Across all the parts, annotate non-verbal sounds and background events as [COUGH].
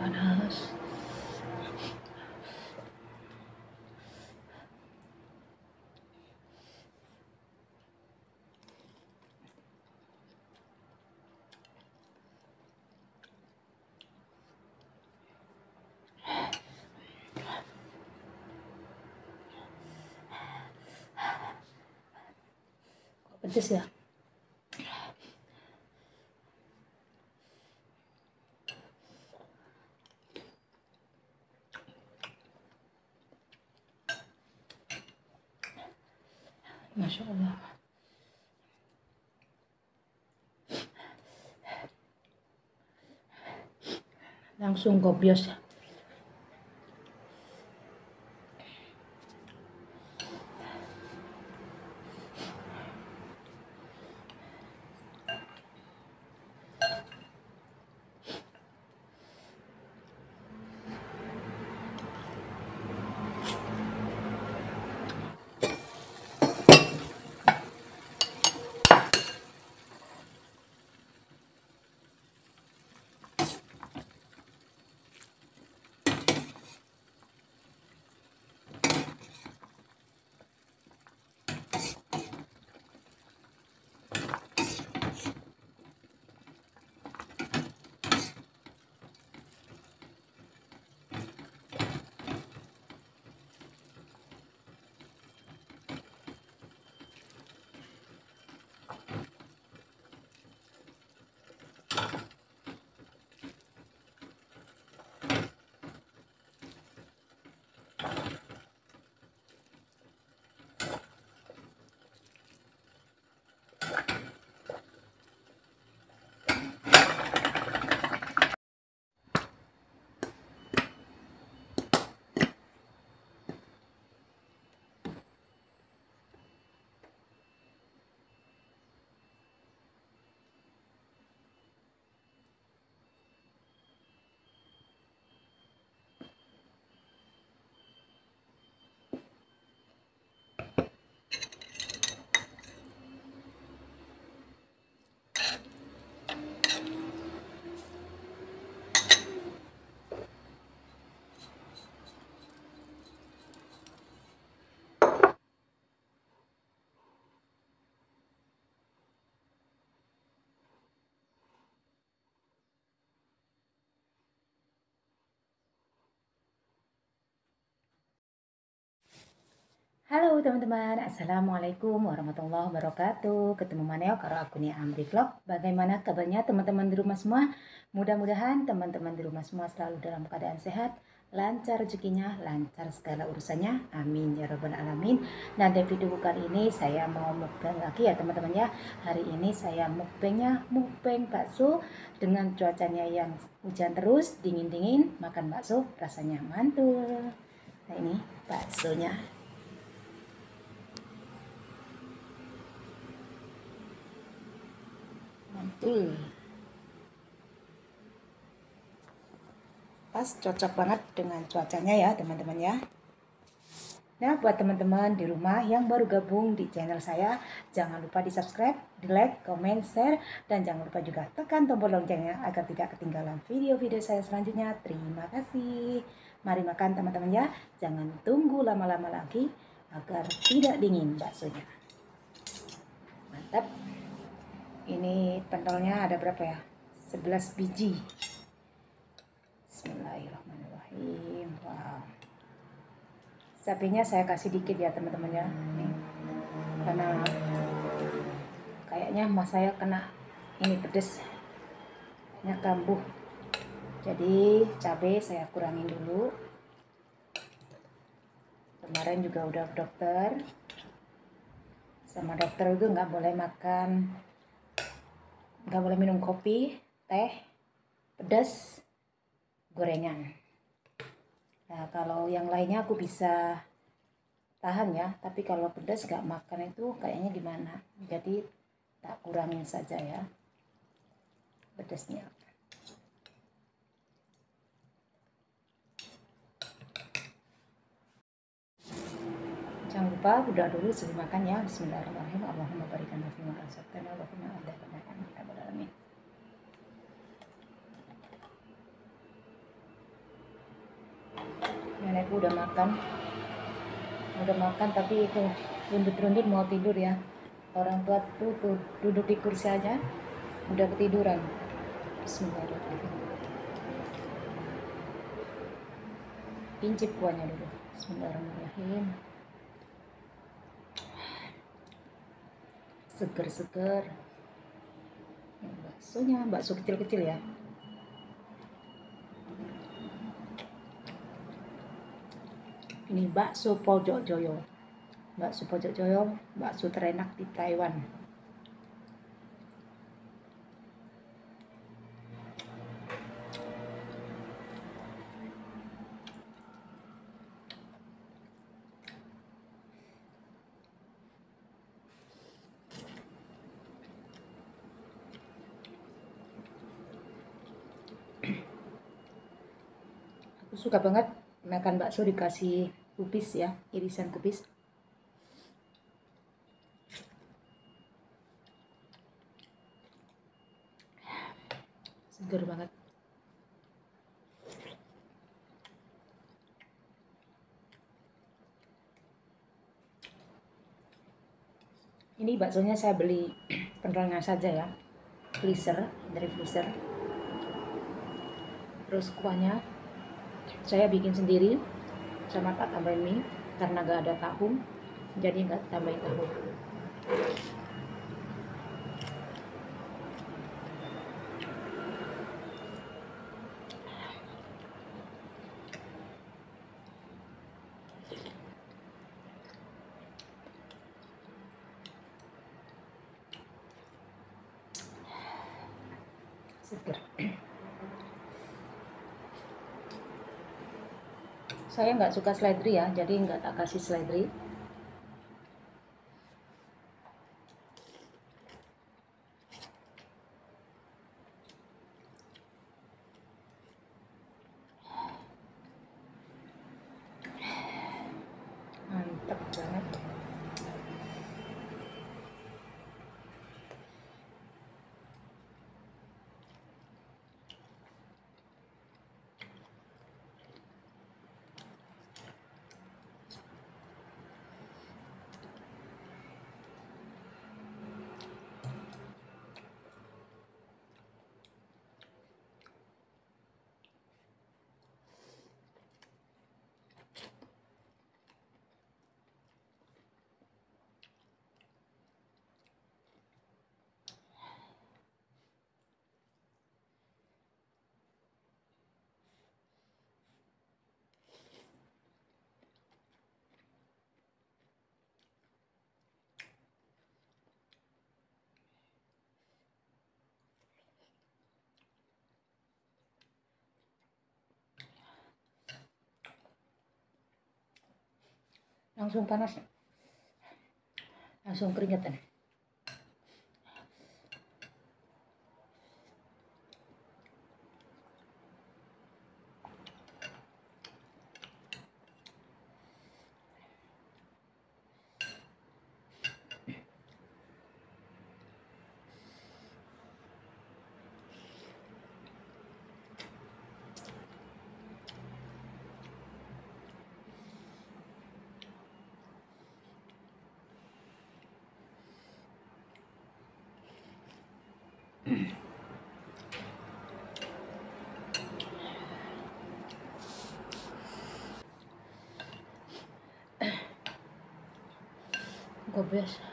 panas. Pedas ya. Yeah. Masya Allah. Langsung gobios. Halo teman-teman, Assalamualaikum warahmatullahi wabarakatuh Ketemu mana ya? karo aku nih Amri Vlog Bagaimana kabarnya teman-teman di rumah semua? Mudah-mudahan teman-teman di rumah semua selalu dalam keadaan sehat Lancar rezekinya, lancar segala urusannya Amin ya robbal alamin Nah di video kali ini saya mau mukbang lagi ya teman-teman ya Hari ini saya mukbangnya mukbang bakso Dengan cuacanya yang hujan terus, dingin-dingin Makan bakso rasanya mantul Nah ini baksonya mantul pas cocok banget dengan cuacanya ya teman-teman ya Nah, buat teman-teman di rumah yang baru gabung di channel saya, jangan lupa di subscribe, di like, comment, share, dan jangan lupa juga tekan tombol loncengnya agar tidak ketinggalan video-video saya selanjutnya. Terima kasih. Mari makan teman-teman ya, jangan tunggu lama-lama lagi agar tidak dingin baksonya. Mantap ini pentolnya ada berapa ya 11 biji Bismillahirrahmanirrahim wow sapinya saya kasih dikit ya teman-teman ya nih karena kayaknya mas saya kena ini pedes nya kambuh jadi cabai saya kurangin dulu kemarin juga udah dokter sama dokter juga nggak boleh makan nggak boleh minum kopi teh pedas gorengan nah kalau yang lainnya aku bisa tahan ya tapi kalau pedas nggak makan itu kayaknya gimana jadi tak kurangin saja ya pedasnya jangan lupa udah dulu sebelum makan ya Bismillahirrahmanirrahim Allahumma barikan nafi ma'asabtana wa kuna ada Amin. Nenekku udah makan. Udah makan tapi itu rundut-rundut mau tidur ya. Orang tua tuh, tuh duduk di kursi aja udah ketiduran. Bismillahirrahmanirrahim. Pincip kuahnya dulu. Bismillahirrahmanirrahim. Seger-seger baksonya bakso kecil-kecil ya ini bakso pojok joyo bakso pojok joyo bakso terenak di Taiwan suka banget makan bakso dikasih kubis ya irisan kubis seger banget ini baksonya saya beli [CLEARS THROAT] penerangnya saja ya freezer dari freezer terus kuahnya saya bikin sendiri sama tak tambahin mie karena gak ada tahu jadi nggak tambahin tahu you. saya nggak suka seledri ya jadi nggak tak kasih seledri langsung panas langsung keringetan 我不认识。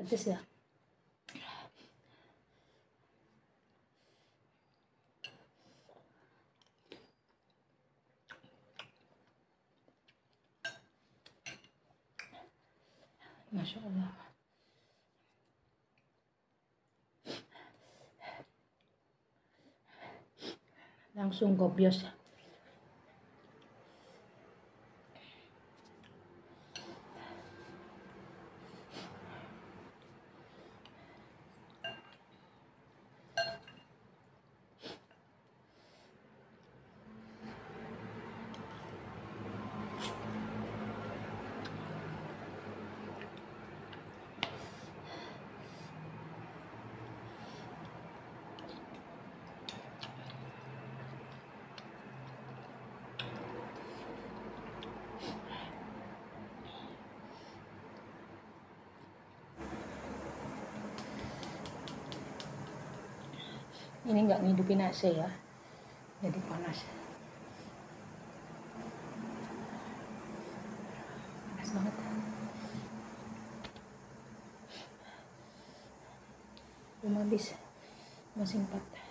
pedes ya Masya Allah langsung gobios ini nggak ngidupin AC ya jadi panas panas banget rumah bisa masih empat